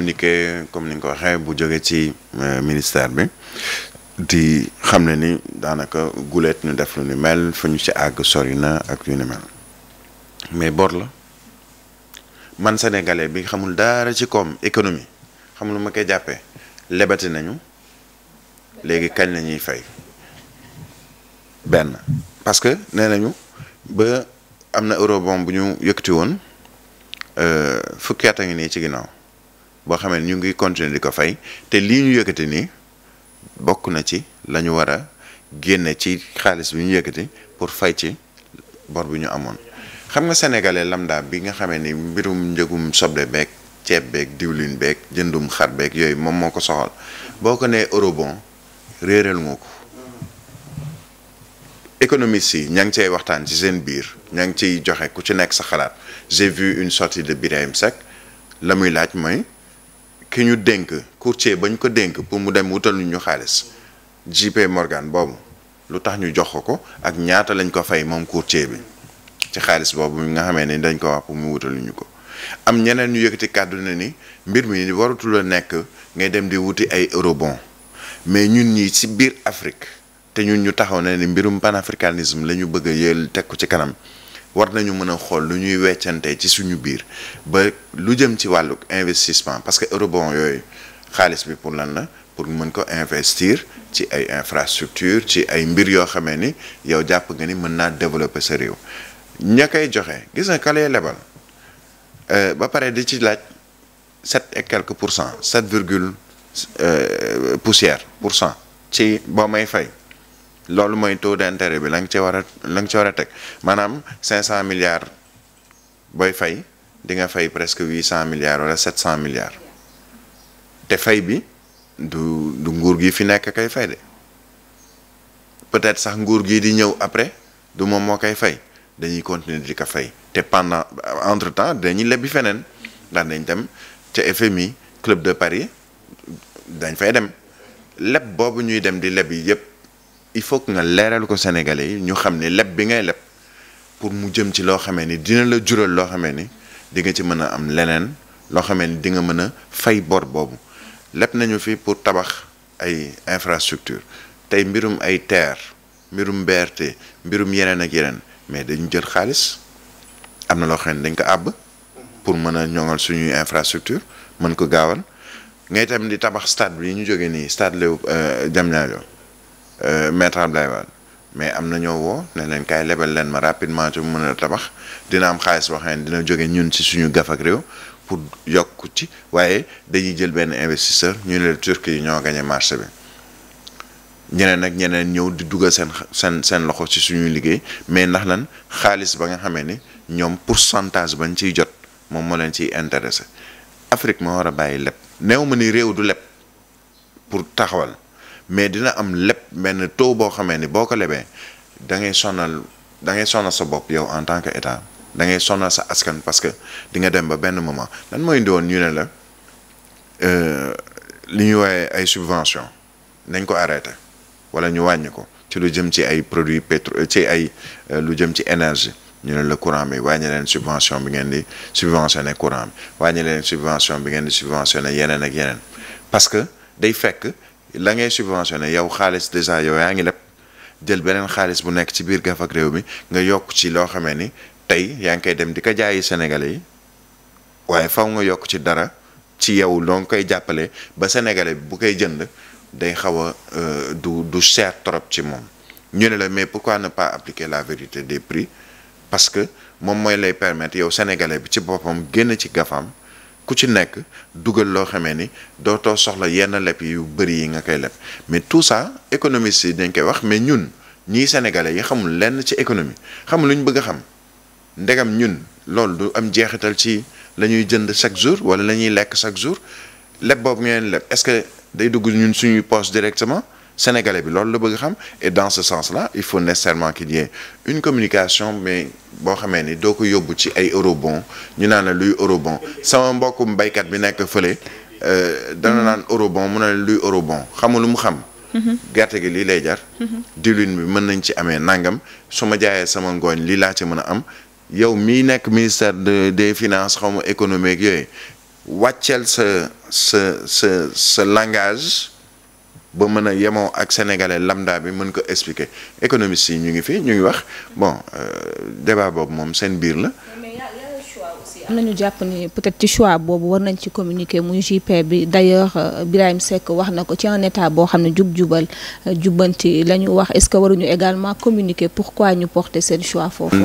communiqué comme ni nga ko waxee bu jógee ci euh, ministère bi di xam na ni daanaka guleet ñu def lu ni mel fu ñu ci àgg sori na ak yu ni mel mais bor la man sénégalais bi xamul dara ci koom économie xam lu ma koy jàppee lebati nañu léegi kañ la ñuy fay benn parce que nee nañu ba am na eurobond bu ñu yëkkati woon euh, fukki at a ngi nii ci ginnaaw. boo xamee ñu ngi continuer di ko fay te lii ñu yëkkati nii bokk na ci lañu ñu war a génne ci xaalis bi ñu yëkkati pour fay ci bor bi ñu amoon xam nga sénégalais lambda bi nga xamee ni mbirum njëgum soble beeg ceeb beeg diwlin beeg jëndum xar beeg yooyu moom moo ko soxal boo ko nee eurobon réeral nga ko économistes yi ña ngi cay waxtaan ci seen biir ña ngi ciy joxe ku ci nekk sa xalaat j'ai vu une sortie de Birahim Seck la muy laaj mooy ki ñu dénk courtier ba ñu ko dénk pour mu dem wutal ñu xaalis JP Morgan boobu lu tax ñu jox ko ko ak ñaata lañ ko fay moom courtier bi ci xaalis boobu nga xamee ni dañ ko wax pour mu wutal ñu ko am ñeneen ñu yëkkati kàddu na ni mbir mi waratul a nekk ngay dem di wuti ay eurobon mais ñun ñi ci biir Afrique te ñun ñu taxaw na ni mbirum panafricanisme la ñu bëgg a yël teg ko ci kanam war nañu mën a xool lu ñuy weccante ci suñu biir ba lu jëm ci wàllu investissement parce que eurobond yooyu xaalis bi pour lan la pour mën ko investir ci ay infrastructure ci ay mbir yoo xamee ni yow jàpp nga ni mën naa développer sa réew ña koy joxe gis nga kalee lebal euh, ba pare di ci laaj sept et quelques pour cent sept virgule euh, poussière pour cent ci boo may fay loolu mooy taux d'intérêt bi la nga ci war a la ci war a teg maanaam cent milliards booy fay dinga nga fay presque 800 milliards wala cent milliards te fay bi du du nguur gi fi nekk kay fay de peut-être sax nguur gi di ñëw après du moom moo koy fay dañuy continuer di ko fay te pendant entre temps dañuy lebbi feneen ndax dañ dem ca FMI club de Paris dañ fay dem leb boobu ñuy dem di leb yi yëpp. il faut que nga leeral ko Sénégalais yi ñu xam ne leb bi ngay leb pour mu jëm ci loo xamee ni dina la jural loo xamee ni di nga ci mën a am leneen loo xamee ni di nga mën a fay bor boobu leb nañu fii pour tabax ay infrastructure tey mbirum ay terre mbirum BRT mbirum yeneen ak yeneen mais dañu jël xaalis am na loo xam ne dañ ko àbb pour mën a ñoŋal suñuy infrastructure mën ko gaawal ngay tam di tabax stade bi ñu jóge nii stade Léopold euh, Diamniadio Euh, maître Abdoulaye Wade mais am na ñoo woo ne leen kaay lebal leen ma rapidement mu mën a tabax dina am xaalis boo xam ne dina jóge ñun ci suñu gaf pour yokk ci waaye dañuy jël benn investisseur ñu ne turc yi ñoo gañe marché bi ñeneen ak ñeneen ñëw di dugal seen seen seen loxo ci suñu liggéey mais ndax lan xaalis ba nga xamee ni ñoom pourcentage bañ ciy jot moom moo leen ciy intéressé Afrique moo war a bàyyi leb neew ma ni réew du leb pour taxawal mais dina am lépp benn taux boo xamee ni boo ko lebee da ngay sonal da ngay sonal sa bopp yow en tant que état da ngay sonal sa askan parce que di nga dem ba benn moment lan mooy indiwoon ñu ne la euh, li ñuy woowee ay subvention nañ ko arrêté wala ñu wàññi ko ci lu jëm ci ay produits pétro ci ay euh, lu jëm ci énergie ñu ne la courant bi wàññi leen subvention bi ngeen di subvention ne courant bi wàññi leen subvention bi ngeen di subventionné yeneen ak yeneen parce que day fekk la ngay subventionné yow xaalis dèjà yow yaa ngi lépp jël beneen xaalis bu nekk ci biir gaf ak réew mi nga yokk ci loo xamee ni tey yaa ngi koy dem di ko jaayi sénégalais yi waaye faw nga yokk ci dara ci yow loo ngi koy jàppale ba sénégalais bi bu koy jënd day xaw a euh, du du cher trop ci moom ñu ne la mais pourquoi ne pas appliquer la vérité des prix parce que moom mooy lay permettre yow sénégalais bi ci boppam génn ci gafam ku ci nekk dugal loo xamee ni dootoo soxla yenn leb yu bëri yi nga koy leb mais tout ça économiste yi dañ koy wax mais ñun ñii sénégalais yi xamul lenn ci économie xamul lu ñu bëgg a xam ndegam ñun loolu du am jeexital ci lañuy jënd chaque jour wala la ñuy lekk chaque jour leb boobu ngeen leb est-ce que day dugg ñun suñuy poche directement sénégalais bi loolu la bëgg xam et dans ce sens là il faut nécessairement qu'il y ait une communication mais boo xamee ni doo ko yóbbu ci ay eurobond ñu naa la luy eurobond sama mbokkum baykat bi nekk fële euh, dana naan eurobond mu ne luy eurobond xamul lu mu xam mhm. gerte gi lii lay jar mhm. diwlin bi mën nañ ci amee nangam su ma jaayee sama ngooñ lii laa ci mën a am yow mii nekk ministère de des finances xaw ma économique yooyu wàcceel sa sa sa sa langage ba mën a yemoo ak sénégalais lambda bi mën ko expliquer économistes yi ñu ngi fi ñu ngi wax bon euh, débat boobu moom seen biir la. am nañu jàpp ni peut-être ci choix boobu war nañ ci communiquer muy JP bi d'ailleurs euh, Birahim Seck wax na ko ci un état boo xam ne jub-jubal euh, jubbanti la wax est-ce que waruñu également communiquer pourquoi ñu porter seen choix foofu.